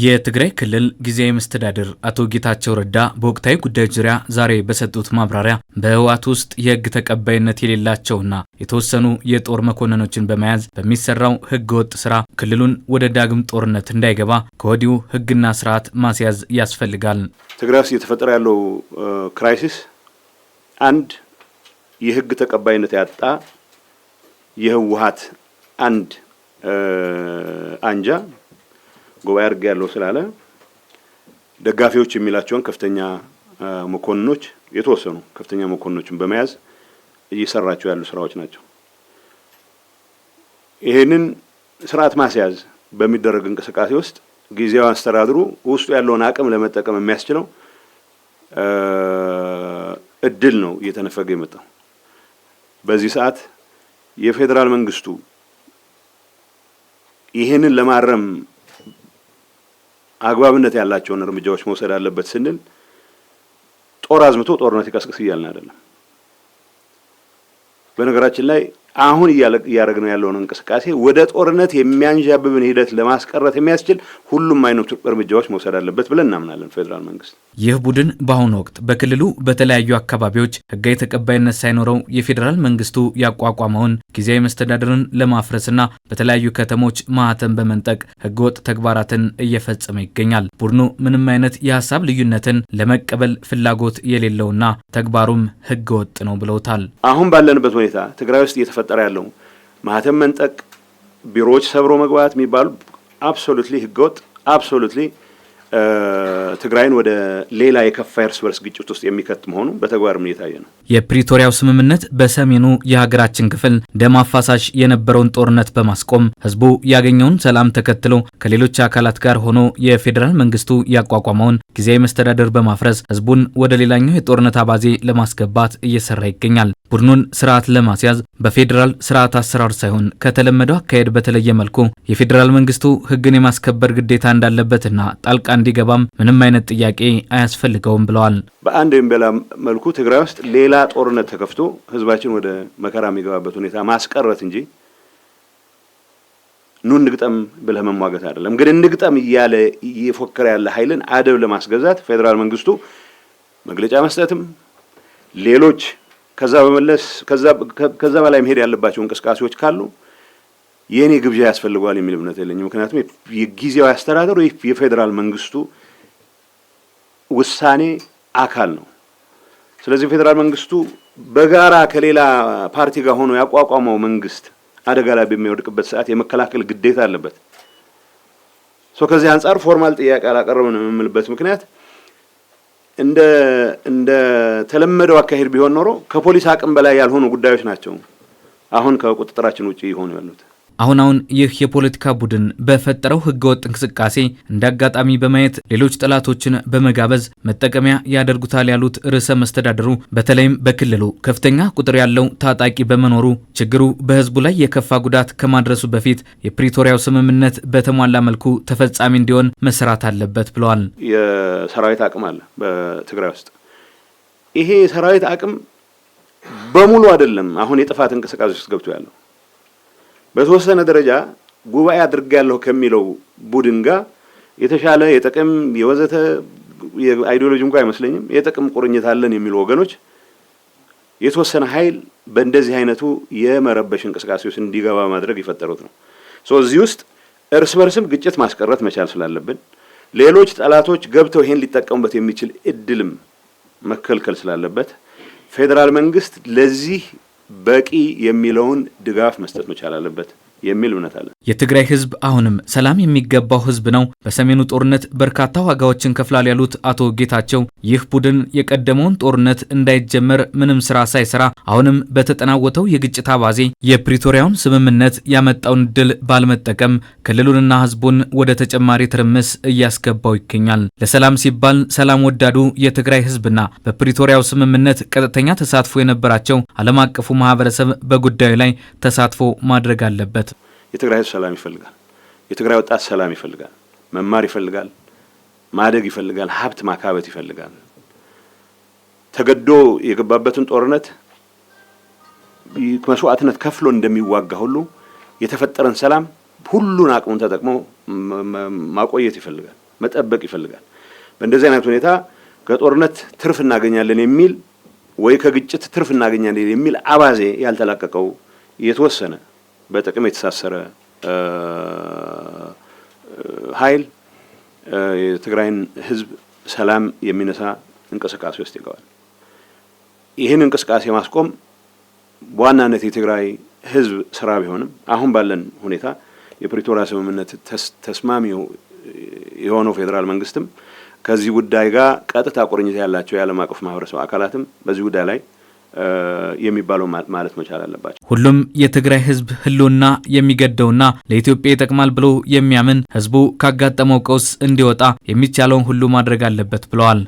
የትግራይ ክልል ጊዜያዊ መስተዳድር አቶ ጌታቸው ረዳ በወቅታዊ ጉዳዮች ዙሪያ ዛሬ በሰጡት ማብራሪያ በህወሓት ውስጥ የህግ ተቀባይነት የሌላቸውና የተወሰኑ የጦር መኮንኖችን በመያዝ በሚሰራው ህገ ወጥ ስራ ክልሉን ወደ ዳግም ጦርነት እንዳይገባ ከወዲሁ ህግና ስርዓት ማስያዝ ያስፈልጋል። ትግራይ ውስጥ እየተፈጠረ ያለው ክራይሲስ አንድ የህግ ተቀባይነት ያጣ የህወሓት አንድ አንጃ ጉባኤ አድርግ ያለው ስላለ ደጋፊዎች የሚላቸውን ከፍተኛ መኮንኖች የተወሰኑ ከፍተኛ መኮንኖችን በመያዝ እየሰራቸው ያሉ ስራዎች ናቸው። ይህንን ስርዓት ማስያዝ በሚደረግ እንቅስቃሴ ውስጥ ጊዜያዊ አስተዳድሩ ውስጡ ያለውን አቅም ለመጠቀም የሚያስችለው እድል ነው እየተነፈገ የመጣው። በዚህ ሰዓት የፌዴራል መንግስቱ ይህንን ለማረም አግባብነት ያላቸውን እርምጃዎች መውሰድ አለበት ስንል ጦር አዝምቶ ጦርነት ይቀስቅስ እያልን አይደለም። በነገራችን ላይ አሁን እያደረግነው ያለውን እንቅስቃሴ ወደ ጦርነት የሚያንዣብብን ሂደት ለማስቀረት የሚያስችል ሁሉም አይነት እርምጃዎች መውሰድ አለበት ብለን እናምናለን። ፌዴራል መንግስት ይህ ቡድን በአሁኑ ወቅት በክልሉ በተለያዩ አካባቢዎች ህጋዊ ተቀባይነት ሳይኖረው የፌዴራል መንግስቱ ያቋቋመውን ጊዜያዊ መስተዳደርን ለማፍረስና በተለያዩ ከተሞች ማህተም በመንጠቅ ህገወጥ ተግባራትን እየፈጸመ ይገኛል። ቡድኑ ምንም አይነት የሀሳብ ልዩነትን ለመቀበል ፍላጎት የሌለውና ተግባሩም ህገወጥ ነው ብለውታል። አሁን ባለንበት ሁኔታ ትግራይ ውስጥ እየተፈጠረ ያለው ማህተም መንጠቅ፣ ቢሮዎች ሰብሮ መግባት የሚባሉ አብሶሉትሊ ህገወጥ አብሶሉትሊ ትግራይን ወደ ሌላ የከፋ እርስ በርስ ግጭት ውስጥ የሚከት መሆኑ በተግባርም እየታየ ነው። የፕሪቶሪያው ስምምነት በሰሜኑ የሀገራችን ክፍል ደም አፋሳሽ የነበረውን ጦርነት በማስቆም ህዝቡ ያገኘውን ሰላም ተከትሎ ከሌሎች አካላት ጋር ሆኖ የፌዴራል መንግስቱ ያቋቋመውን ጊዜያዊ መስተዳደር በማፍረስ ህዝቡን ወደ ሌላኛው የጦርነት አባዜ ለማስገባት እየሰራ ይገኛል። ቡድኑን ስርዓት ለማስያዝ በፌዴራል ስርዓት አሰራር ሳይሆን ከተለመደው አካሄድ በተለየ መልኩ የፌዴራል መንግስቱ ህግን የማስከበር ግዴታ እንዳለበትና ጣልቃ እንዲገባም ምንም አይነት ጥያቄ አያስፈልገውም ብለዋል። በአንድ ወይም በሌላ መልኩ ትግራይ ውስጥ ሌላ ጦርነት ተከፍቶ ህዝባችን ወደ መከራ የሚገባበት ሁኔታ ማስቀረት እንጂ ኑ እንግጠም ብለህ መሟገት አይደለም። ግን እንግጠም እያለ እየፎከረ ያለ ኃይልን አደብ ለማስገዛት ፌዴራል መንግስቱ መግለጫ መስጠትም ሌሎች ከዛ በመለስ ከዛ በላይ መሄድ ያለባቸው እንቅስቃሴዎች ካሉ የእኔ ግብዣ ያስፈልገዋል የሚል እምነት የለኝም። ምክንያቱም የጊዜያዊ አስተዳደሩ የፌዴራል መንግስቱ ውሳኔ አካል ነው። ስለዚህ ፌዴራል መንግስቱ በጋራ ከሌላ ፓርቲ ጋር ሆኖ ያቋቋመው መንግስት አደጋ ላይ በሚወድቅበት ሰዓት የመከላከል ግዴታ አለበት። ሶ ከዚህ አንጻር ፎርማል ጥያቄ አላቀረብንም የምልበት ምክንያት እንደ እንደ የተለመደው አካሄድ ቢሆን ኖሮ ከፖሊስ አቅም በላይ ያልሆኑ ጉዳዮች ናቸው አሁን ከቁጥጥራችን ውጭ ይሆኑ ያሉት። አሁን አሁን ይህ የፖለቲካ ቡድን በፈጠረው ህገወጥ እንቅስቃሴ እንደ አጋጣሚ በማየት ሌሎች ጠላቶችን በመጋበዝ መጠቀሚያ ያደርጉታል ያሉት ርዕሰ መስተዳድሩ፣ በተለይም በክልሉ ከፍተኛ ቁጥር ያለው ታጣቂ በመኖሩ ችግሩ በህዝቡ ላይ የከፋ ጉዳት ከማድረሱ በፊት የፕሪቶሪያው ስምምነት በተሟላ መልኩ ተፈጻሚ እንዲሆን መሰራት አለበት ብለዋል። የሰራዊት አቅም አለ በትግራይ ውስጥ ይሄ የሰራዊት አቅም በሙሉ አይደለም አሁን የጥፋት እንቅስቃሴ ውስጥ ገብቶ ያለው። በተወሰነ ደረጃ ጉባኤ አድርጌያለሁ ከሚለው ቡድን ጋር የተሻለ የጥቅም የወዘተ የአይዲዮሎጂ እንኳ አይመስለኝም የጥቅም ቁርኝት አለን የሚሉ ወገኖች የተወሰነ ኃይል በእንደዚህ አይነቱ የመረበሽ እንቅስቃሴ ውስጥ እንዲገባ ማድረግ የፈጠሩት ነው። እዚህ ውስጥ እርስ በርስም ግጭት ማስቀረት መቻል ስላለብን ሌሎች ጠላቶች ገብተው ይሄን ሊጠቀሙበት የሚችል እድልም መከልከል ስላለበት ፌዴራል መንግስት ለዚህ በቂ የሚለውን ድጋፍ መስጠት መቻል አለበት። የሚል እምነት አለ። የትግራይ ህዝብ አሁንም ሰላም የሚገባው ህዝብ ነው፣ በሰሜኑ ጦርነት በርካታ ዋጋዎችን ከፍላል ያሉት አቶ ጌታቸው ይህ ቡድን የቀደመውን ጦርነት እንዳይጀመር ምንም ስራ ሳይሰራ አሁንም በተጠናወተው የግጭት አባዜ የፕሪቶሪያውን ስምምነት ያመጣውን እድል ባለመጠቀም ክልሉንና ህዝቡን ወደ ተጨማሪ ትርምስ እያስገባው ይገኛል። ለሰላም ሲባል ሰላም ወዳዱ የትግራይ ህዝብና በፕሪቶሪያው ስምምነት ቀጥተኛ ተሳትፎ የነበራቸው ዓለም አቀፉ ማህበረሰብ በጉዳዩ ላይ ተሳትፎ ማድረግ አለበት። የትግራይ ህዝብ ሰላም ይፈልጋል። የትግራይ ወጣት ሰላም ይፈልጋል። መማር ይፈልጋል። ማደግ ይፈልጋል። ሀብት ማካበት ይፈልጋል። ተገዶ የገባበትን ጦርነት መስዋዕትነት ከፍሎ እንደሚዋጋ ሁሉ የተፈጠረን ሰላም ሁሉን አቅሙን ተጠቅሞ ማቆየት ይፈልጋል፣ መጠበቅ ይፈልጋል። በእንደዚህ አይነት ሁኔታ ከጦርነት ትርፍ እናገኛለን የሚል ወይ ከግጭት ትርፍ እናገኛለን የሚል አባዜ ያልተላቀቀው የተወሰነ በጥቅም የተሳሰረ ኃይል የትግራይን ህዝብ ሰላም የሚነሳ እንቅስቃሴ ውስጥ ይገባል። ይህን እንቅስቃሴ ማስቆም በዋናነት የትግራይ ህዝብ ስራ ቢሆንም አሁን ባለን ሁኔታ የፕሪቶሪያ ስምምነት ተስማሚ የሆነው ፌዴራል መንግስትም ከዚህ ጉዳይ ጋር ቀጥታ ቁርኝት ያላቸው የዓለም አቀፍ ማህበረሰብ አካላትም በዚህ ጉዳይ ላይ የሚባለው ማለት መቻል አለባቸው። ሁሉም የትግራይ ህዝብ ህልውና የሚገደውና ለኢትዮጵያ ይጠቅማል ብሎ የሚያምን ህዝቡ ካጋጠመው ቀውስ እንዲወጣ የሚቻለውን ሁሉ ማድረግ አለበት ብለዋል።